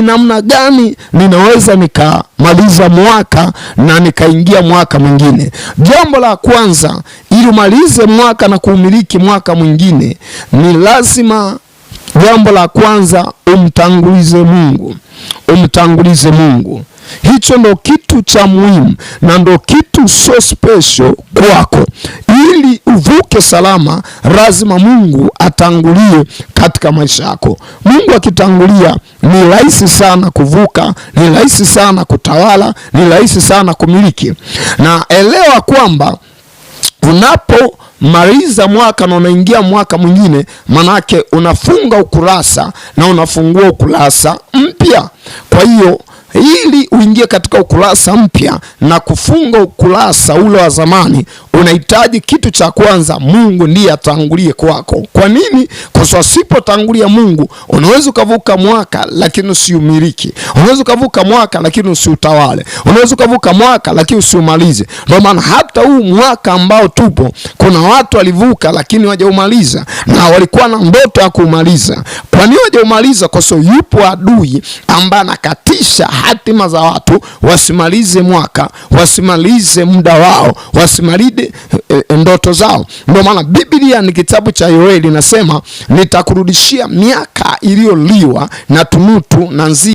ni namna gani ninaweza nikamaliza mwaka na nikaingia mwaka mwingine. Jambo la kwanza, ili umalize mwaka na kuumiliki mwaka mwingine, ni lazima jambo la kwanza umtangulize Mungu, umtangulize Mungu. Hicho ndo kitu cha muhimu na ndo kitu so special kwako, ili uko salama, lazima Mungu atangulie katika maisha yako. Mungu akitangulia, ni rahisi sana kuvuka, ni rahisi sana kutawala, ni rahisi sana kumiliki. Na elewa kwamba unapo mwaka na unaingia mwaka mwingine, manake unafunga ukurasa na unafungua ukurasa mpya. Kwa hiyo ili uingie katika ukurasa mpya na kufunga ukurasa ule wa zamani, unahitaji kitu cha kwanza, Mungu ndiye atangulie kwako. Kwa nini? Kwa sababu asipotangulia Mungu, unaweza ukavuka mwaka lakini usiumiliki, unaweza ukavuka mwaka lakini usiutawale, unaweza ukavuka mwaka lakini usiumalize. Ndio maana hata huu mwaka ambao tupo, kuna watu walivuka lakini wajaumaliza, na walikuwa na ndoto ya kuumaliza. Kwa nini wajaumaliza? Kwa sababu yupo adui ambaye anakatisha hatima za watu wasimalize mwaka, wasimalize muda wao, wasimalize e, ndoto zao. Ndio maana Biblia ni kitabu cha Yoeli, nasema nitakurudishia miaka iliyoliwa na tunutu na nzi